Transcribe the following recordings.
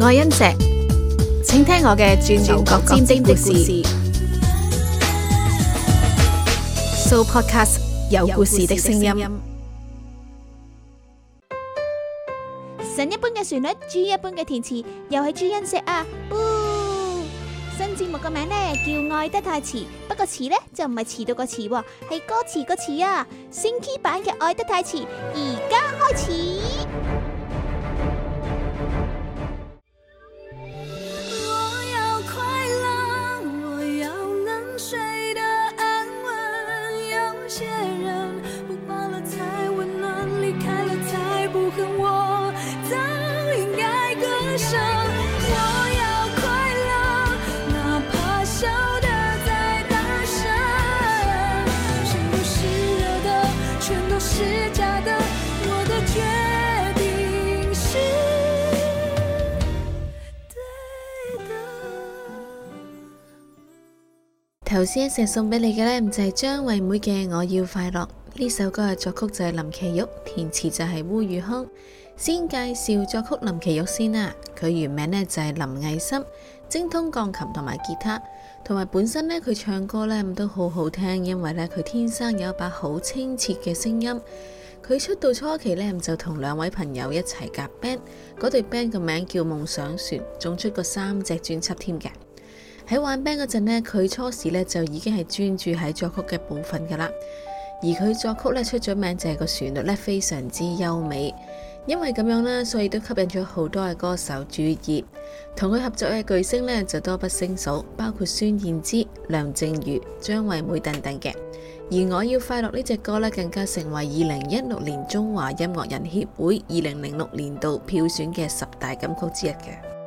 愛恩石，請聽我嘅轉轉角尖尖的故事。So podcast 有故事的聲音。神一般嘅旋律，G 一般嘅填詞，又係朱恩石啊！新節目嘅名呢，叫愛得太遲，不過詞呢，就唔係遲到個遲，係歌詞個詞啊！升 key 版嘅愛得太遲，而家開始。頭先一隻送俾你嘅呢，就係張惠妹嘅《我要快樂》呢首歌嘅作曲就係林倛玉，填詞就係、是、鄔裕康。先介紹作曲林倛玉先啦，佢原名呢就係林藝森，精通鋼琴同埋吉他，同埋本身呢，佢唱歌呢都好好聽，因為呢，佢天生有一把好清澈嘅聲音。佢出道初期呢，就同兩位朋友一齊夾 band，嗰對 band 嘅名叫夢想船，仲出過三隻專輯添嘅。喺玩 band 嗰陣呢，佢初時咧就已經係專注喺作曲嘅部分噶啦，而佢作曲咧出咗名就係個旋律咧非常之優美，因為咁樣啦，所以都吸引咗好多嘅歌手注意，同佢合作嘅巨星咧就多不勝數，包括孫燕姿、梁靜茹、張惠妹等等嘅。而我要快樂呢隻歌咧，更加成為二零一六年中華音樂人協會二零零六年度票選嘅十大金曲之一嘅。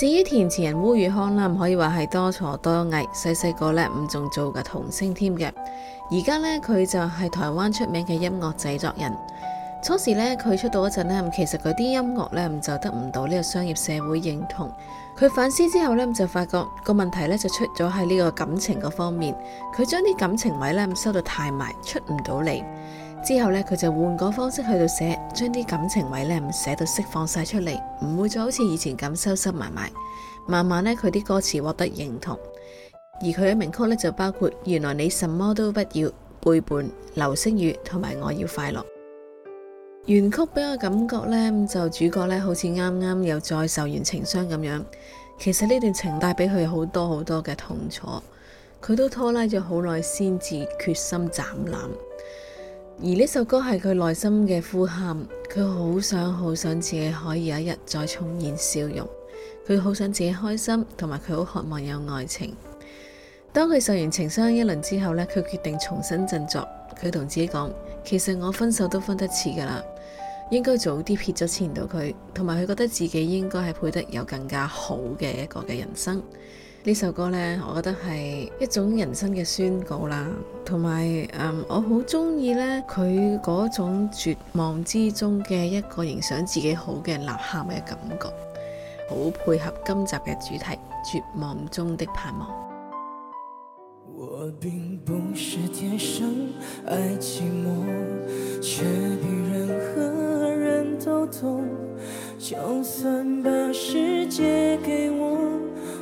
至於填詞人烏宇康啦，唔可以話係多才多藝，細細個咧唔仲做嘅童星添嘅。而家咧佢就係台灣出名嘅音樂製作人。初時咧佢出道嗰陣咧，其實嗰啲音樂咧唔就得唔到呢個商業社會認同。佢反思之後咧，就發覺個問題咧就出咗喺呢個感情嗰方面，佢將啲感情位咧收得太埋，出唔到嚟。之後呢，佢就換個方式去到寫，將啲感情位呢唔寫到釋放晒出嚟，唔會再好似以前咁收收埋埋。慢慢呢，佢啲歌詞獲得認同，而佢嘅名曲呢，就包括《原來你什麼都不要》、《背叛》、《流星雨》同埋《我要快樂》。原曲俾我感覺呢，就主角呢，好似啱啱又再受完情傷咁樣。其實呢段情帶俾佢好多好多嘅痛楚，佢都拖拉咗好耐先至決心斬纜。而呢首歌係佢內心嘅呼喊，佢好想好想自己可以有一日再重現笑容，佢好想自己開心，同埋佢好渴望有愛情。當佢受完情傷一輪之後呢，佢決定重新振作，佢同自己講：「其實我分手都分得遲㗎喇，應該早啲撇咗前度佢，同埋佢覺得自己應該係配得有更加好嘅一個嘅人生。呢首歌呢，我覺得係一種人生嘅宣告啦，同埋誒，我好中意呢，佢嗰種絕望之中嘅一個影響自己好嘅吶喊嘅感覺，好配合今集嘅主題——絕望中的盼望。我並不是天生愛寂寞，卻比任何人都痛。就算把世界給我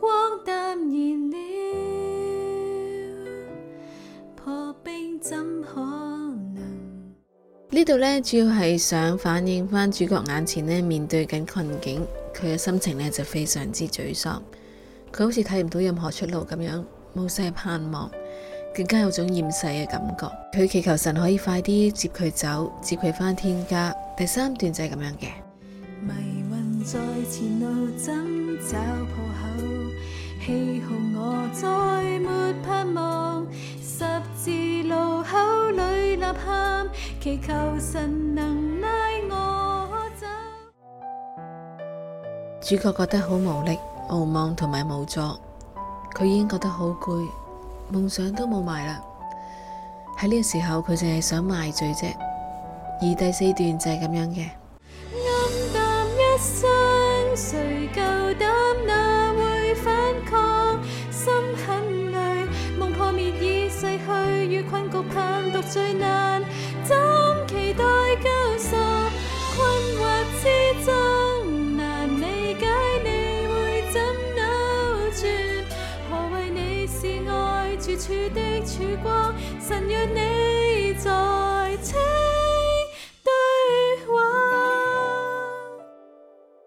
光淡然了破冰怎可能？呢度咧主要係想反映翻主角眼前咧面對緊困境，佢嘅心情咧就非常之沮喪，佢好似睇唔到任何出路咁樣，冇晒盼望，更加有種厭世嘅感覺。佢祈求神可以快啲接佢走，接佢翻天家。第三段就係咁樣嘅。迷在前，路針找氣候我再沒盼望，十字路口裡立喊，祈求神能拉我走。主角覺得好無力、無望同埋無助，佢已經覺得好攰，夢想都冇埋啦。喺呢個時候，佢淨係想埋醉啫。而第四段就係咁樣嘅。反抗心很累，夢破滅已逝去，與困局盼獨最難。怎期待救贖？困惑之中難理解，你會怎扭轉？何謂你是愛住處的曙光？神若你在，請對話。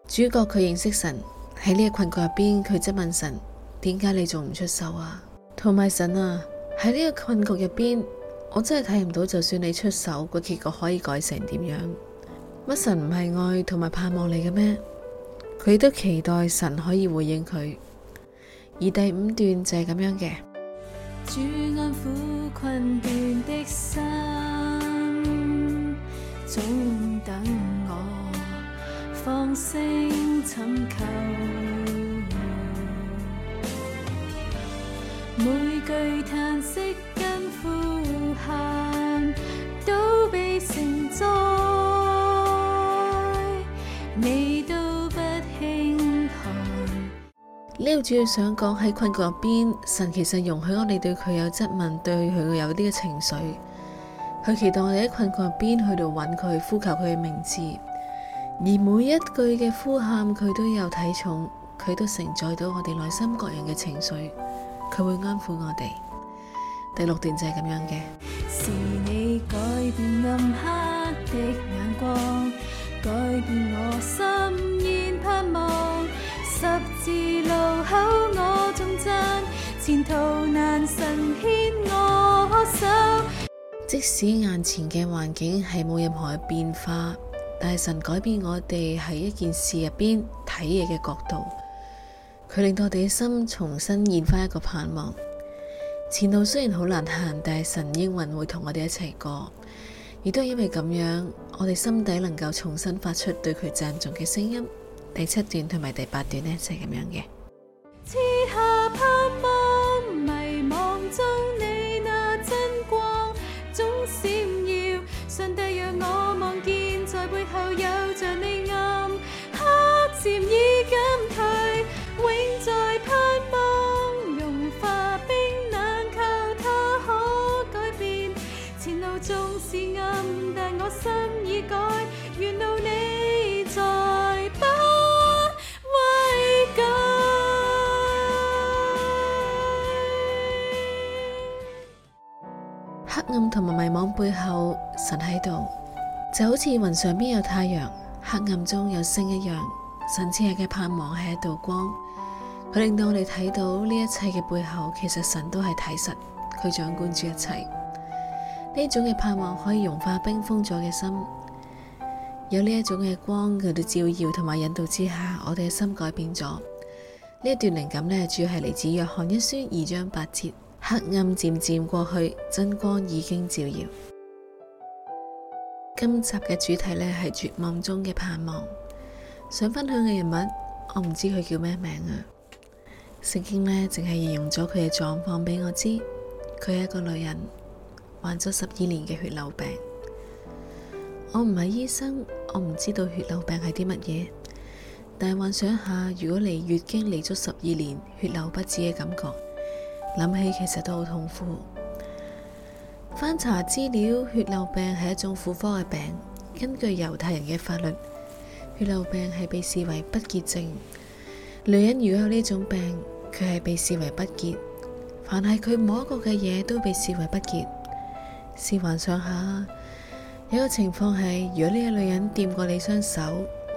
主角佢認識神。喺呢個困局入邊，佢質問神：點解你仲唔出手啊？同埋神啊，喺呢個困局入邊，我真係睇唔到，就算你出手，個結果可以改成點樣？乜神唔係愛同埋盼望你嘅咩？佢都期待神可以回應佢。而第五段就係咁樣嘅。主安苦困的心。」每句嘆息跟呼喊都被承載，你都不輕。呢度主要想講喺困局入邊，神其實容許我哋對佢有質問，對佢有啲嘅情緒，佢期待我哋喺困局入邊去到揾佢，呼求佢嘅名字。而每一句嘅呼喊，佢都有體重，佢都承載到我哋內心各樣嘅情緒，佢會安撫我哋。第六段就係咁樣嘅。是你改變暗黑的眼光，改變我深夜盼望，十字路口我仲站，前途難神牽我手，即使眼前嘅環境係冇任何嘅變化。大神改變我哋喺一件事入邊睇嘢嘅角度，佢令到我哋嘅心重新現翻一個盼望。前路雖然好難行，但係神應允會同我哋一齊過。而都係因為咁樣，我哋心底能夠重新發出對佢讚頌嘅聲音。第七段同埋第八段呢，就係咁樣嘅。下迷惘中你那真光，總是閃耀。上帝讓我望見背後有着你，黑暗黑漸已減退，永在盼望融化冰冷，求他可改變。前路縱是暗，但我心已改，沿路你再不畏艱。黑暗同埋迷惘背後，神喺度。就好似雲上邊有太陽，黑暗中有星一樣，神之嘅嘅盼望係一道光，佢令到我哋睇到呢一切嘅背後，其實神都係睇實，佢掌管住一切。呢種嘅盼望可以融化冰封咗嘅心，有呢一種嘅光，佢哋照耀同埋引導之下，我哋嘅心改變咗。呢一段靈感呢，主要係嚟自約翰一書二章八節：黑暗漸漸過去，真光已經照耀。今集嘅主題呢係絕望中嘅盼望，想分享嘅人物，我唔知佢叫咩名啊。聖經呢淨係形容咗佢嘅狀況俾我知，佢係一個女人，患咗十二年嘅血流病。我唔係醫生，我唔知道血流病係啲乜嘢，但係幻想下，如果嚟月經嚟咗十二年，血流不止嘅感覺，諗起其實都好痛苦。翻查資料，血漏病係一種婦科嘅病。根據猶太人嘅法律，血漏病係被視為不潔症。女人如果有呢種病，佢係被視為不潔。凡係佢摸過嘅嘢，都被視為不潔。試幻想下，有個情況係，如果呢個女人掂過你雙手，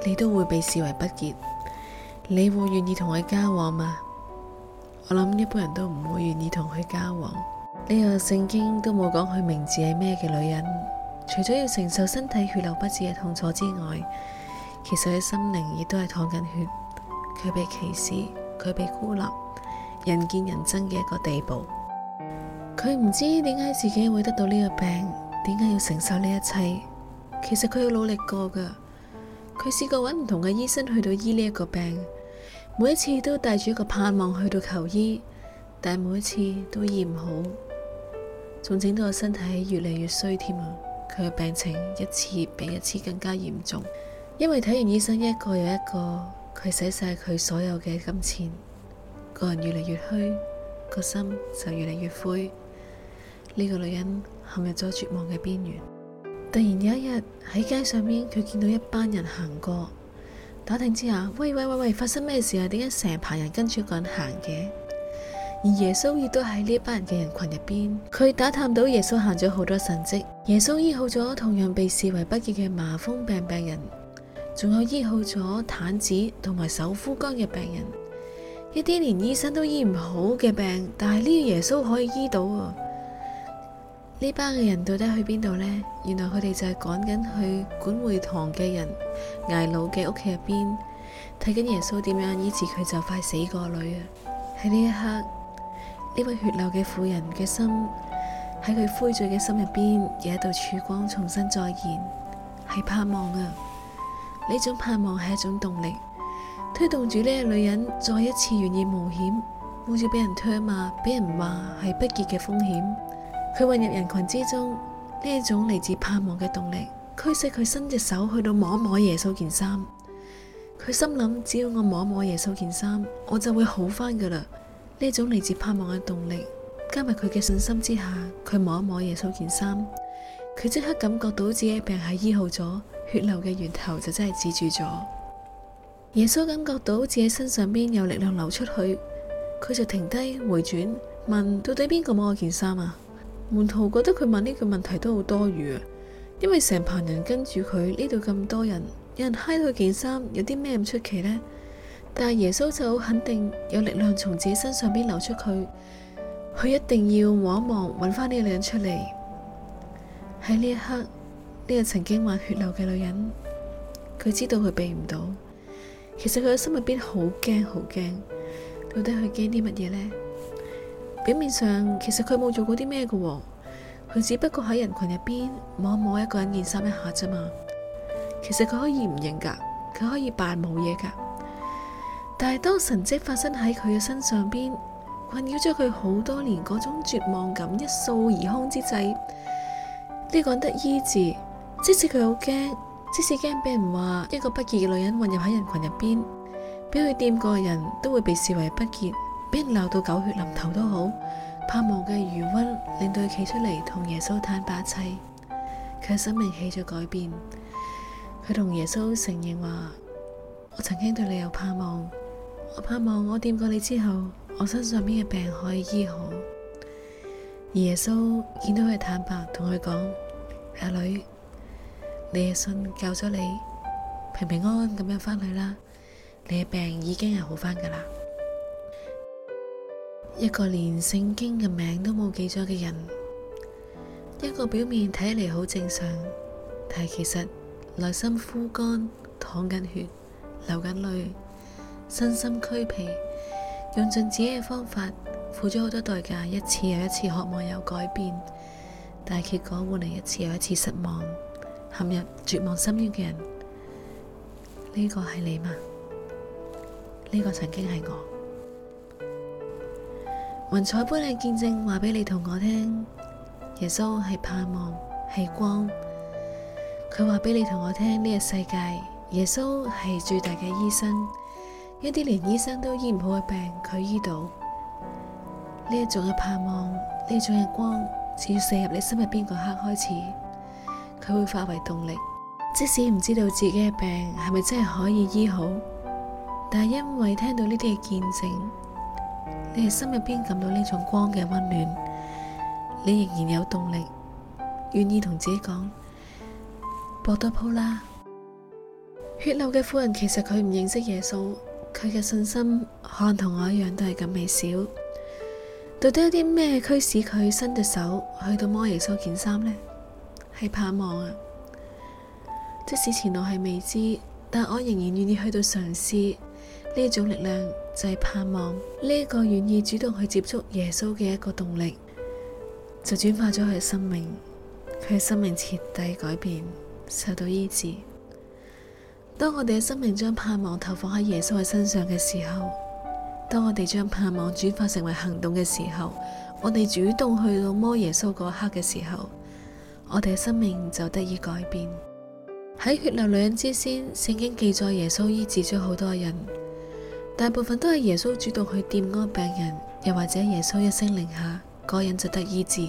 你都會被視為不潔。你會願意同佢交往嗎？我諗一般人都唔會願意同佢交往。呢個聖經都冇講佢名字係咩嘅女人，除咗要承受身體血流不止嘅痛楚之外，其實佢心靈亦都係淌緊血。佢被歧視，佢被孤立，人見人憎，嘅一個地步。佢唔知點解自己會得到呢個病，點解要承受呢一切。其實佢有努力過㗎，佢試過搵唔同嘅醫生去到醫呢一個病，每一次都帶住一個盼望去到求醫，但係每一次都醫唔好。仲整到個身體越嚟越衰添啊！佢嘅病情一次比一次更加嚴重，因為睇完醫生一個又一個，佢使晒佢所有嘅金錢，個人越嚟越虛，個心就越嚟越灰。呢個女人陷入咗絕望嘅邊緣。突然有一日喺街上面，佢見到一班人行過，打聽之下，喂喂喂喂，發生咩事啊？點解成排人跟住個人行嘅？而耶穌亦都喺呢班人嘅人群入邊，佢打探到耶穌行咗好多神蹟，耶穌醫好咗同樣被視為不潔嘅麻風病病人，仲有醫好咗癱子同埋手枯乾嘅病人，一啲連醫生都醫唔好嘅病，但係呢個耶穌可以醫到啊！呢班嘅人到底去邊度呢？原來佢哋就係趕緊去管會堂嘅人、耆老嘅屋企入邊，睇緊耶穌點樣醫治佢就快死個女啊！喺呢一刻，呢位血流嘅婦人嘅心喺佢灰醉嘅心入邊，有一道曙光重新再現，係盼望啊！呢種盼望係一種動力，推動住呢個女人再一次願意冒險，冒住俾人唾罵、俾人話係不潔嘅風險，佢混入人群之中。呢一種嚟自盼望嘅動力，驅使佢伸隻手去到摸摸耶穌件衫。佢心諗：只要我摸摸耶穌件衫，我就會好翻噶啦！呢種嚟自盼望嘅動力，加埋佢嘅信心之下，佢摸一摸耶穌件衫，佢即刻感覺到自己病係醫好咗，血流嘅源頭就真係止住咗。耶穌感覺到自己身上邊有力量流出去，佢就停低回轉，問到底邊個摸我件衫啊？門徒覺得佢問呢個問題都好多餘啊，因為成棚人跟住佢，呢度咁多人，有人嗨到件衫，有啲咩唔出奇呢？但係耶穌就肯定有力量從自己身上邊流出去。佢一定要望一望，揾翻呢個女人出嚟。喺呢一刻，呢個曾經話血流嘅女人，佢知道佢避唔到。其實佢喺心入邊好驚，好驚，到底佢驚啲乜嘢呢？表面上其實佢冇做過啲咩嘅，佢只不過喺人群入邊望一望一個人件衫一下啫嘛。其實佢可以唔認噶，佢可以扮冇嘢噶。但係當神迹發生喺佢嘅身上邊，困擾咗佢好多年嗰種絕望感一掃而空之際，呢個得醫治。即使佢好驚，即使驚俾人話一個不潔嘅女人混入喺人群入邊，俾佢掂過嘅人都會被視為不潔，俾人鬧到狗血淋頭都好，盼望嘅餘溫令到佢企出嚟同耶穌坦白。一切佢嘅生命起咗改變，佢同耶穌承認話，我曾經對你有盼望。我盼望我掂過你之後，我身上邊嘅病可以醫好。耶穌見到佢坦白，同佢講：阿女，你嘅信救咗你，平平安安咁樣返去啦。你嘅病已經係好返噶啦。一個連聖經嘅名都冇記咗嘅人，一個表面睇嚟好正常，但係其實內心枯乾，淌緊血，流緊淚。身心俱疲，用盡自己嘅方法，付咗好多代價，一次又一次渴望有改變，但係結果換嚟一次又一次失望，陷入絕望深淵嘅人，呢個係你嗎？呢個曾經係我。雲彩般嘅見證，話俾你同我聽，耶穌係盼望，係光。佢話俾你同我聽，呢個世界，耶穌係最大嘅醫生。一啲連醫生都醫唔好嘅病，佢醫到呢一種嘅盼望，呢種嘅光，只要射入你心入邊個刻開始，佢會化為動力。即使唔知道自己嘅病係咪真係可以醫好，但係因為聽到呢啲嘅見證，你喺心入邊感到呢種光嘅溫暖，你仍然有動力，願意同自己講，搏多鋪啦。血流嘅婦人其實佢唔認識耶穌。佢嘅信心可能同我一樣都係咁微小，到底有啲咩驅使佢伸隻手去到摸耶穌件衫呢？係盼望啊！即使前路係未知，但我仍然願意去到嘗試。呢一種力量就係盼望，呢一個願意主動去接觸耶穌嘅一個動力，就轉化咗佢嘅生命。佢嘅生命徹底改變，受到醫治。當我哋嘅生命將盼望投放喺耶穌嘅身上嘅時候，當我哋將盼望轉化成為行動嘅時候，我哋主動去到摸耶穌嗰刻嘅時候，我哋嘅生命就得以改變。喺血流女人之先，聖經記載耶穌醫治咗好多人，大部分都係耶穌主動去掂嗰個病人，又或者耶穌一聲令下，嗰個人就得醫治。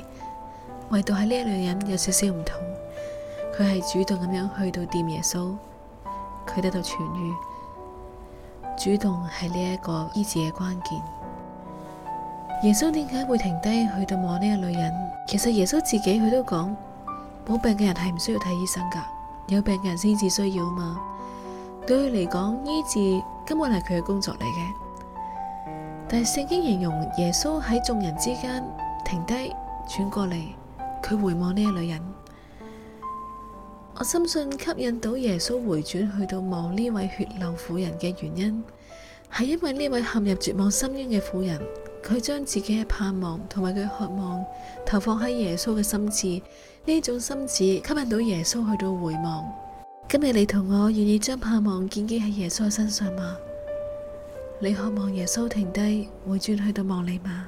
唯獨喺呢一類人有少少唔同，佢係主動咁樣去到掂耶穌。佢得到痊癒，主動係呢一個醫治嘅關鍵。耶穌點解會停低去到望呢個女人？其實耶穌自己佢都講，冇病嘅人係唔需要睇醫生噶，有病嘅人先至需要啊嘛。對佢嚟講，醫治根本係佢嘅工作嚟嘅。但係聖經形容耶穌喺眾人之間停低，轉過嚟，佢回望呢個女人。我深信吸引到耶穌回轉去到望呢位血漏婦人嘅原因，係因為呢位陷入絕望深淵嘅婦人，佢將自己嘅盼望同埋佢渴望投放喺耶穌嘅心智。呢種心智吸引到耶穌去到回望。今日你同我願意將盼望建基喺耶穌嘅身上嗎？你渴望耶穌停低回轉去到望你嗎？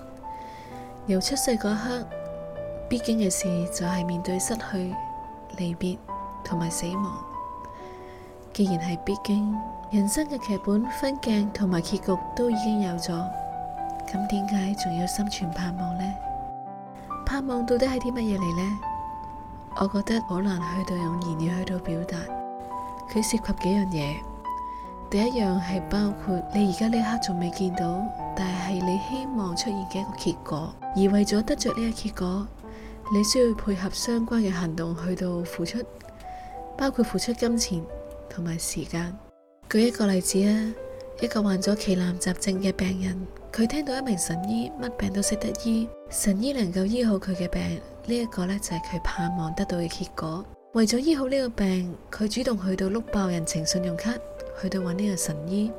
由出世嗰刻，必經嘅事就係面對失去、離別同埋死亡。既然係必經，人生嘅劇本、分鏡同埋結局都已經有咗，咁點解仲要心存盼望呢？盼望到底係啲乜嘢嚟呢？我覺得好難去到用言語去到表達，佢涉及幾樣嘢。第一樣係包括你而家呢刻仲未見到，但係你希望出現嘅一個結果。而為咗得着呢個結果，你需要配合相關嘅行動去到付出，包括付出金錢同埋時間。舉一個例子啊，一個患咗奇難雜症嘅病人，佢聽到一名神醫乜病都識得醫，神醫能夠醫好佢嘅病，呢一個呢就係佢盼望得到嘅結果。為咗醫好呢個病，佢主動去到碌爆人情信用卡。去到搵呢個神醫，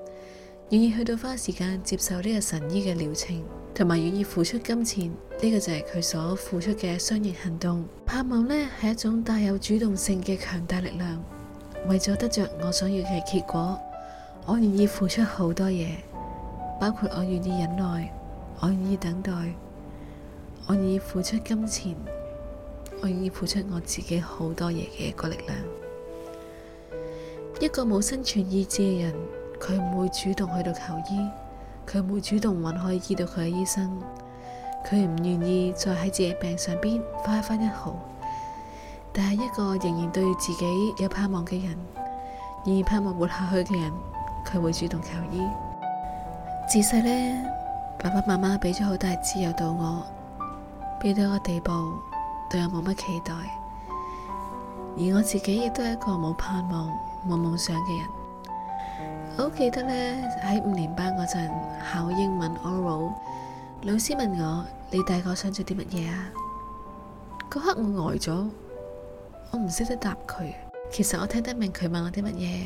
願意去到花時間接受呢個神醫嘅療程，同埋願意付出金錢，呢、這個就係佢所付出嘅相應行動。盼望呢係一種帶有主動性嘅強大力量，為咗得着我想要嘅結果，我願意付出好多嘢，包括我願意忍耐，我願意等待，我願意付出金錢，我願意付出我自己好多嘢嘅一個力量。一個冇生存意志嘅人，佢唔會主動去到求醫，佢唔會主動揾可以醫到佢嘅醫生，佢唔願意再喺自己病上邊花一分一毫。但係一個仍然對自己有盼望嘅人，仍然盼望活下去嘅人，佢會主動求醫。自細呢，爸爸媽媽俾咗好大自由到我，俾到我地步，對我冇乜期待，而我自己亦都係一個冇盼望。冇夢想嘅人，我好記得呢，喺五年班嗰陣考英文 oral，老師問我，你大個想做啲乜嘢啊？嗰刻我呆咗，我唔識得答佢。其實我聽得明佢問我啲乜嘢，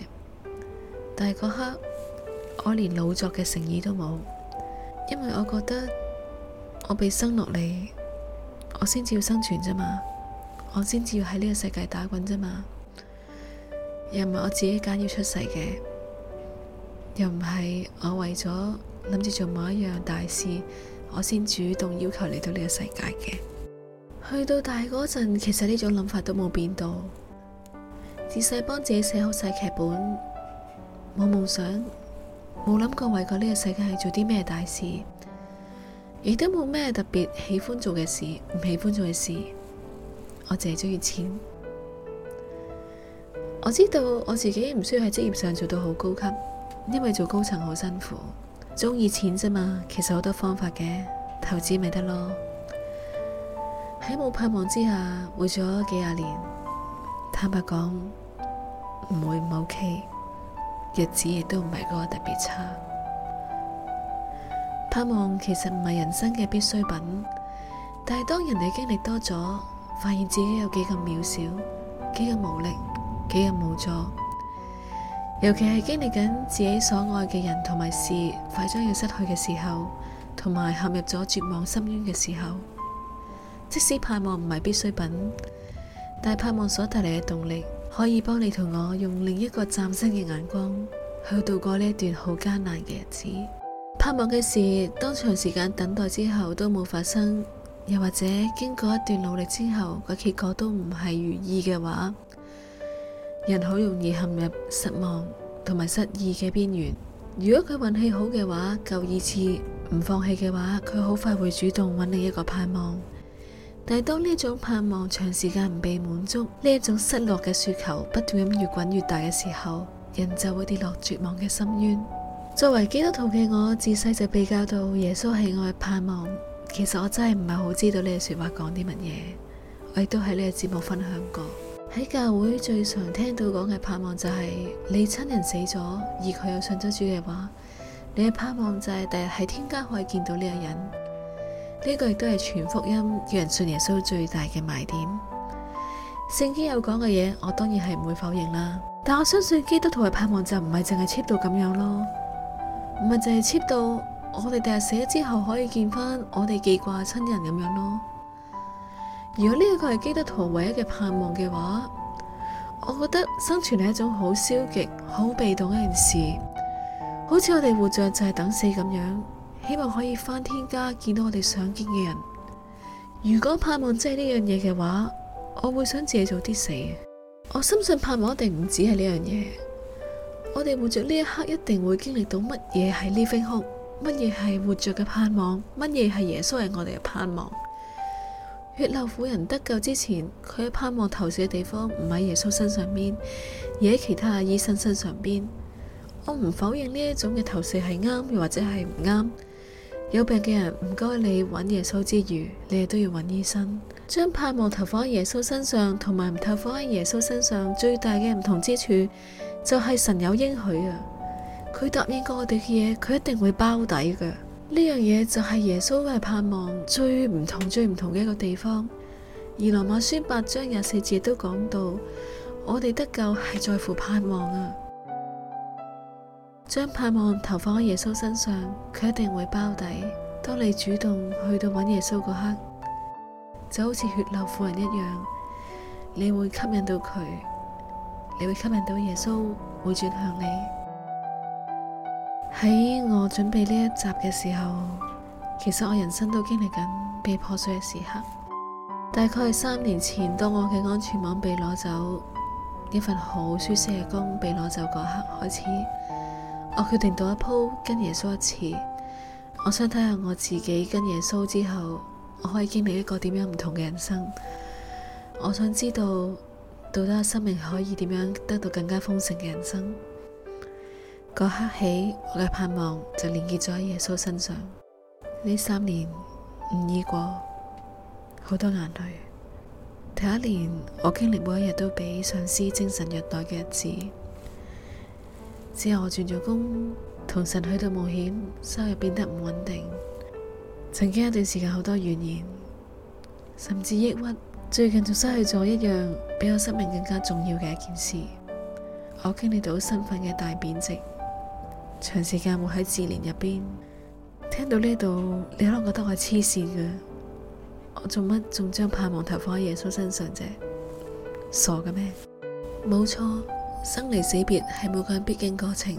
但係嗰刻我連老作嘅誠意都冇，因為我覺得我被生落嚟，我先至要生存啫嘛，我先至要喺呢個世界打滾啫嘛。又唔係我自己揀要出世嘅，又唔係我為咗諗住做某一樣大事，我先主動要求嚟到呢個世界嘅。去到大嗰陣，其實呢種諗法都冇變到。自細幫自己寫好晒劇本，冇夢想，冇諗過為過呢個世界去做啲咩大事，亦都冇咩特別喜歡做嘅事，唔喜歡做嘅事。我淨係鍾意錢。我知道我自己唔需要喺職業上做到好高級，因為做高層好辛苦，中意錢啫嘛。其實好多方法嘅，投資咪得咯。喺冇盼望之下活咗幾廿年，坦白講唔會唔 OK，日子亦都唔係嗰個特別差。盼望其實唔係人生嘅必需品，但係當人哋經歷多咗，發現自己有幾咁渺小，幾咁無力。幾日無助，尤其係經歷緊自己所愛嘅人同埋事快將要失去嘅時候，同埋陷入咗絕望深淵嘅時候，即使盼望唔係必需品，但盼望所帶嚟嘅動力，可以幫你同我用另一個嶄新嘅眼光去度過呢一段好艱難嘅日子。盼望嘅事，當長時間等待之後都冇發生，又或者經過一段努力之後，個結果都唔係如意嘅話，人好容易陷入失望同埋失意嘅邊緣。如果佢運氣好嘅話，夠二次唔放棄嘅話，佢好快會主動揾你一個盼望。但係當呢一種盼望長時間唔被滿足，呢一種失落嘅雪球不斷咁越滾越大嘅時候，人就會跌落絕望嘅深淵。作為基督徒嘅我，自細就被教到耶穌係我嘅盼望。其實我真係唔係好知道呢個話說話講啲乜嘢。我亦都喺呢個節目分享過。喺教會最常聽到講嘅盼望就係、是、你親人死咗而佢又信咗主嘅話，你嘅盼望就係第日喺天家可以見到呢個人。呢、這個亦都係全福音叫人信耶穌最大嘅賣點。聖經有講嘅嘢，我當然係唔會否認啦。但我相信基督徒嘅盼望就唔係淨係切到咁樣咯，唔係淨係切到我哋第日，日死咗之後可以見翻我哋記掛親人咁樣咯。如果呢一個係基督徒唯一嘅盼望嘅話，我覺得生存係一種好消極、好被動嘅一件事，好似我哋活着就係等死咁樣，希望可以返天家見到我哋想見嘅人。如果盼望真係呢樣嘢嘅話，我會想自己早啲死。我深信盼望一定唔止係呢樣嘢。我哋活着呢一刻一定會經歷到乜嘢係 living hope，乜嘢係活着嘅盼望，乜嘢係耶穌係我哋嘅盼望。血漏婦人得救之前，佢喺盼望投射嘅地方唔喺耶穌身上邊，而喺其他醫生身上邊。我唔否認呢一種嘅投射係啱，又或者係唔啱。有病嘅人唔該你揾耶穌之餘，你哋都要揾醫生。將盼望投放喺耶穌身上，同埋唔投放喺耶穌身上最大嘅唔同之處，就係神有應許啊！佢答應過我哋嘅嘢，佢一定會包底㗎。呢樣嘢就係耶穌嘅盼望最唔同、最唔同嘅一個地方，而羅馬書八章廿四節都講到，我哋得救係在乎盼望啊！將盼望投放喺耶穌身上，佢一定會包底。當你主動去到揾耶穌嗰刻，就好似血流婦人一樣，你會吸引到佢，你會吸引到耶穌會轉向你。喺我準備呢一集嘅時候，其實我人生都經歷緊被破碎嘅時刻。大概係三年前，當我嘅安全網被攞走，一份好舒適嘅工被攞走嗰刻開始，我決定賭一鋪跟耶穌一次。我想睇下，我自己跟耶穌之後，我可以經歷一個點樣唔同嘅人生。我想知道，到底我生命可以點樣得到更加豐盛嘅人生？嗰刻起，我嘅盼望就連結咗喺耶穌身上。呢三年唔易過，好多眼淚。第一年我經歷每一日都俾上司精神虐待嘅日子，之後我轉咗工，同神去到冒險，收入變得唔穩定。曾經一段時間好多怨言，甚至抑鬱。最近仲失去咗一樣比我生命更加重要嘅一件事，我經歷到身份嘅大貶值。長時間冇喺自憐入邊，聽到呢度，你可能覺得我黐線嘅。我做乜仲將盼望投放喺耶穌身上啫？傻嘅咩？冇錯，生離死別係每個人必經過程。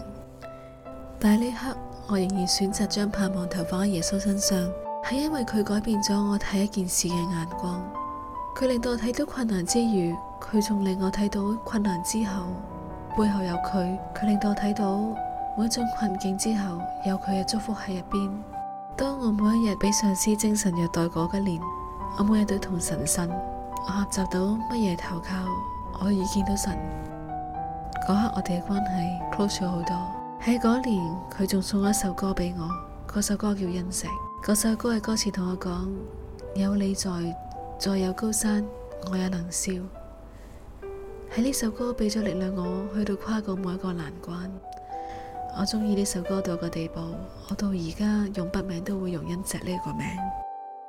但係呢刻，我仍然選擇將盼望投放喺耶穌身上，係因為佢改變咗我睇一件事嘅眼光。佢令到我睇到困難之餘，佢仲令我睇到困難之後，背後有佢。佢令到我睇到。每一種困境之後有佢嘅祝福喺入邊。當我每一日俾上司精神虐待嗰一年，我每日都同神呻，我學習到乜嘢投靠，我可以見到神，嗰刻，我哋嘅關係 close 咗好多。喺嗰年，佢仲送咗一首歌俾我，嗰首歌叫《恩情》，嗰首歌嘅歌詞同我講：有你在，再有高山我也能笑。喺呢首歌俾咗力量我，我去到跨過每一個難關。我中意呢首歌到個地步，我到而家用筆名都會用恩石呢個名。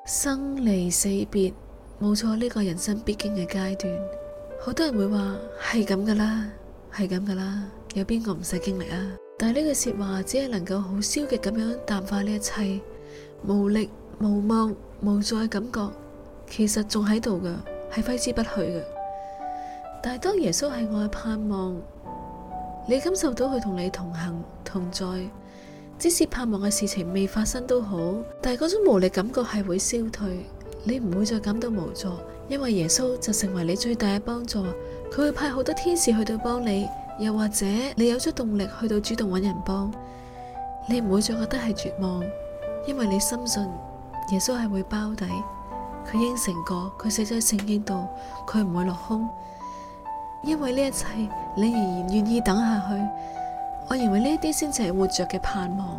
生離死別，冇錯呢個人生必經嘅階段。好多人會話係咁噶啦，係咁噶啦，有邊個唔使經歷啊？但係呢句說話只係能夠好消極咁樣淡化呢一切，無力、無望、無助嘅感覺，其實仲喺度噶，係揮之不去嘅。但係當耶穌係我嘅盼望。你感受到佢同你同行同在，即使盼望嘅事情未發生都好，但係嗰種無力感覺係會消退，你唔會再感到無助，因為耶穌就成為你最大嘅幫助，佢會派好多天使去到幫你，又或者你有咗動力去到主動揾人幫，你唔會再覺得係絕望，因為你深信耶穌係會包底，佢應承過，佢死咗聖經度，佢唔會落空。因為呢一切，你仍然願意等下去，我認為呢一啲先至係活着嘅盼望。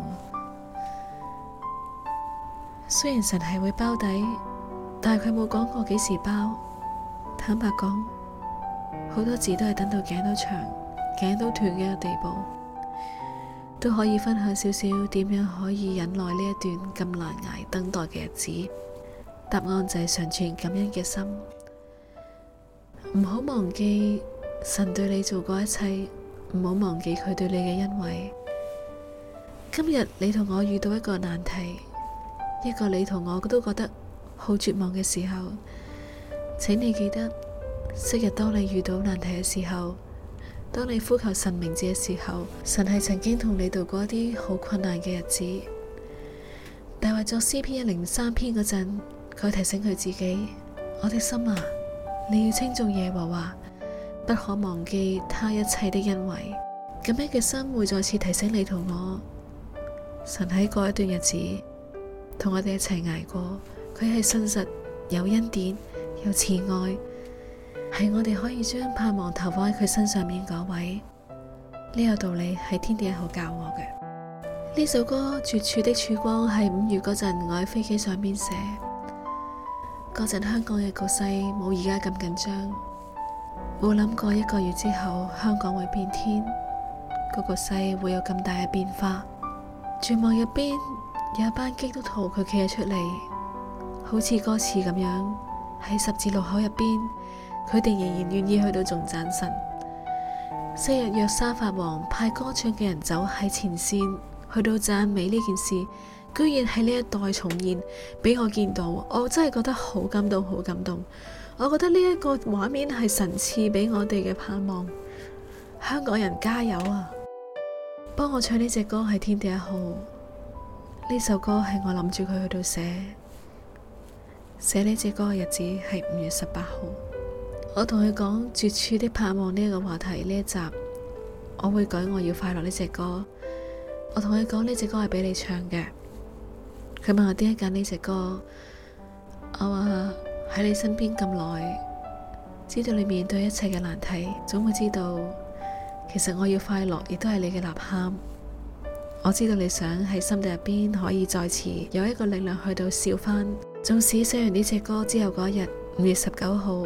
雖然神係會包底，但係佢冇講過幾時包。坦白講，好多字都係等到頸都長、頸都斷嘅一個地步，都可以分享少少點樣可以忍耐呢一段咁難捱等待嘅日子。答案就係常存感恩嘅心，唔好忘記。神對你做過一切，唔好忘記佢對你嘅恩惠。今日你同我遇到一個難題，一個你同我都覺得好絕望嘅時候，請你記得，昔日當你遇到難題嘅時候，當你呼求神名字嘅時候，神係曾經同你度過一啲好困難嘅日子。大衛作詩篇一零三篇嗰陣，佢提醒佢自己：我的心啊，你要稱頌耶和華。不可忘記他一切的恩惠，咁樣嘅心會再次提醒你同我，神喺過一段日子，同我哋一齊捱過，佢係信實，有恩典，有慈愛，係我哋可以將盼望投放喺佢身上面嗰位。呢、這個道理係天地一號教我嘅。呢首歌《絕處的曙光》係五月嗰陣，我喺飛機上面寫，嗰陣香港嘅局勢冇而家咁緊張。冇諗過一個月之後香港會變天，個局勢會有咁大嘅變化。絕望入邊有一班基督徒佢企咗出嚟，好似歌詞咁樣，喺十字路口入邊，佢哋仍然願意去到仲讚神。昔日約沙法王派歌唱嘅人走喺前綫，去到讚美呢件事，居然喺呢一代重現，俾我見到，我真係覺得好感動，好感動。我覺得呢一個畫面係神賜畀我哋嘅盼望，香港人加油啊！幫我唱呢隻歌係天地一號，呢首歌係我諗住佢去度寫，寫呢隻歌嘅日子係五月十八號。我同佢講絕處的盼望呢一個話題，呢一集，我會改我要快樂呢隻歌。我同佢講呢隻歌係俾你唱嘅，佢問我點解揀呢隻歌，我話。喺你身邊咁耐，知道你面對一切嘅難題，總會知道其實我要快樂，亦都係你嘅吶喊。我知道你想喺心底入邊可以再次有一個力量去到笑翻，縱使寫完呢隻歌之後嗰日五月十九號，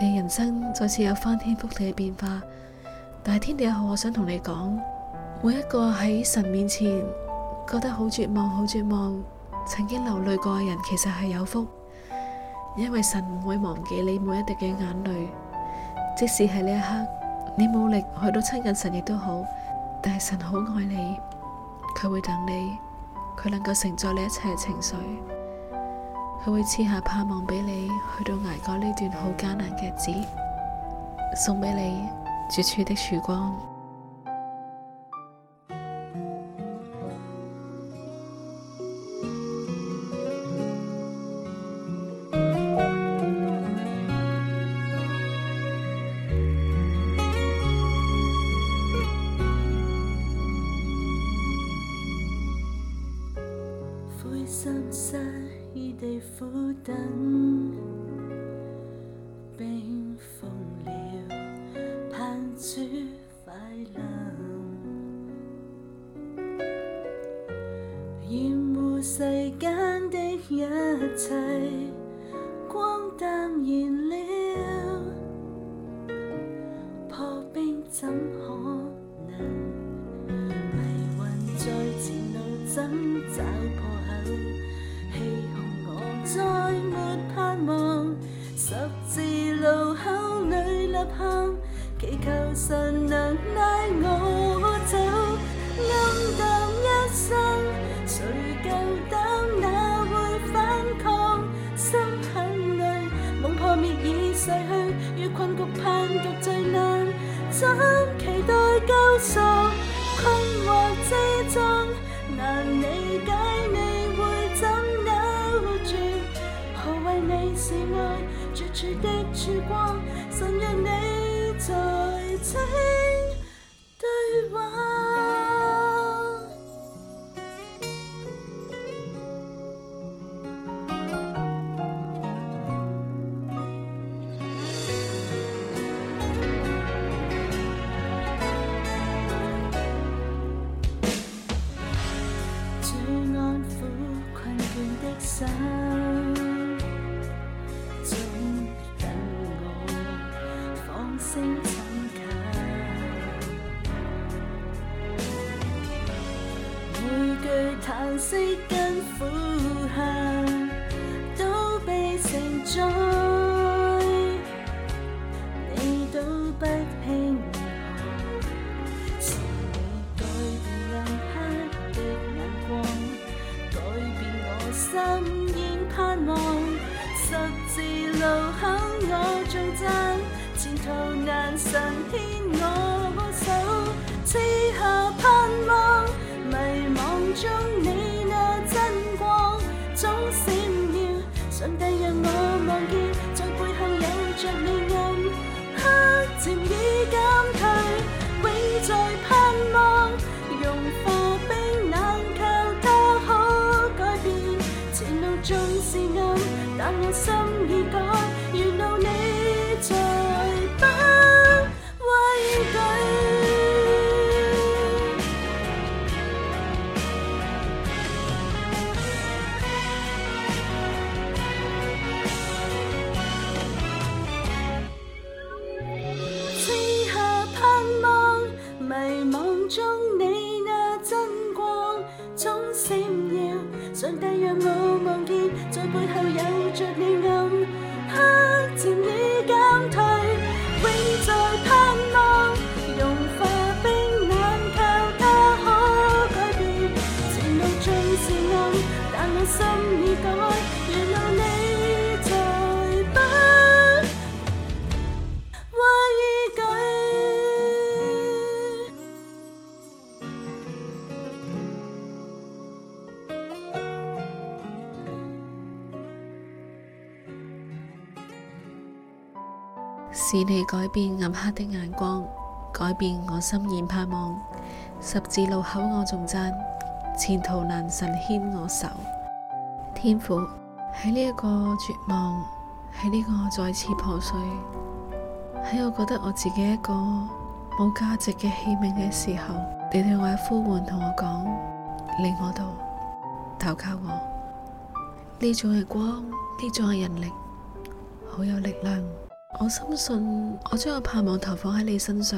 你人生再次有翻天覆地嘅變化。但係天地一啊，我想同你講，每一個喺神面前覺得好絕望、好絕望，曾經流淚過嘅人，其實係有福。因為神唔會忘記你每一滴嘅眼淚，即使喺呢一刻你冇力去到親近神亦都好，但係神好愛你，佢會等你，佢能夠承載你一切情緒，佢會賜下盼望俾你去到捱過呢段好艱難嘅日子，送俾你絕處的曙光。風流盼住快樂，厭惡世間的一切。讓我望見在背後有着你暗黑情意感。 是你改變暗黑的眼光，改變我心軟盼望。十字路口我仲讚，前途難神牽我手。天父喺呢一個絕望，喺呢個再次破碎，喺我覺得我自己一個冇價值嘅器皿嘅時候，你對我呼喚，同我講嚟我度投靠我。呢種係光，呢種係人力，好有力量。我深信，我將我盼望投放喺你身上，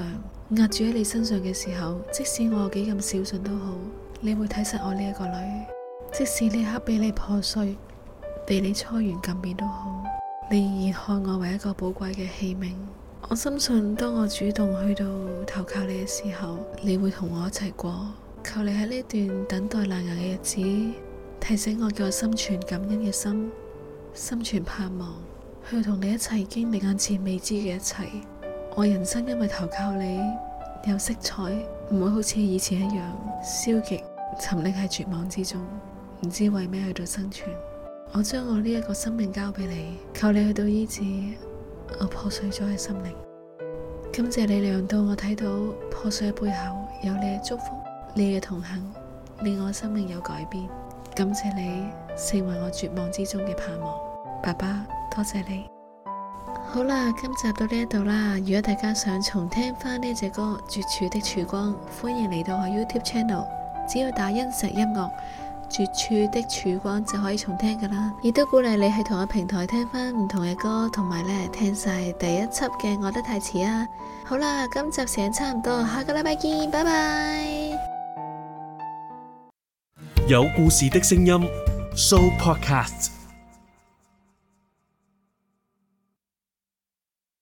壓住喺你身上嘅時候，即使我幾咁小信都好，你會體恤我呢一個女，即使呢刻俾你破碎，俾你初緣咁變都好，你仍然看我為一個寶貴嘅器皿。我深信，當我主動去到投靠你嘅時候，你會同我一齊過。求你喺呢段等待難挨嘅日子，提醒我個心存感恩嘅心，心存盼望，去同你一齊經歷眼前未知嘅一切，我人生因為投靠你有色彩，唔會好似以前一樣消極沉溺喺絕望之中，唔知為咩去到生存。我將我呢一個生命交俾你，求你去到醫治我破碎咗嘅心靈。感謝你讓到我睇到破碎嘅背後有你嘅祝福，你嘅同行令我生命有改變。感謝你成為我絕望之中嘅盼望。爸爸，多謝你。好啦，今集到呢一度啦。如果大家想重聽翻呢隻歌《絕處的曙光》，歡迎嚟到我 YouTube channel，只要打音石音樂《絕處的曙光》就可以重聽噶啦。亦都鼓勵你喺同一平台聽翻唔同嘅歌，同埋呢聽晒第一輯嘅愛得太遲啊。好啦，今集時間差唔多，下個禮拜見，拜拜。有故事的聲音，Show Podcast。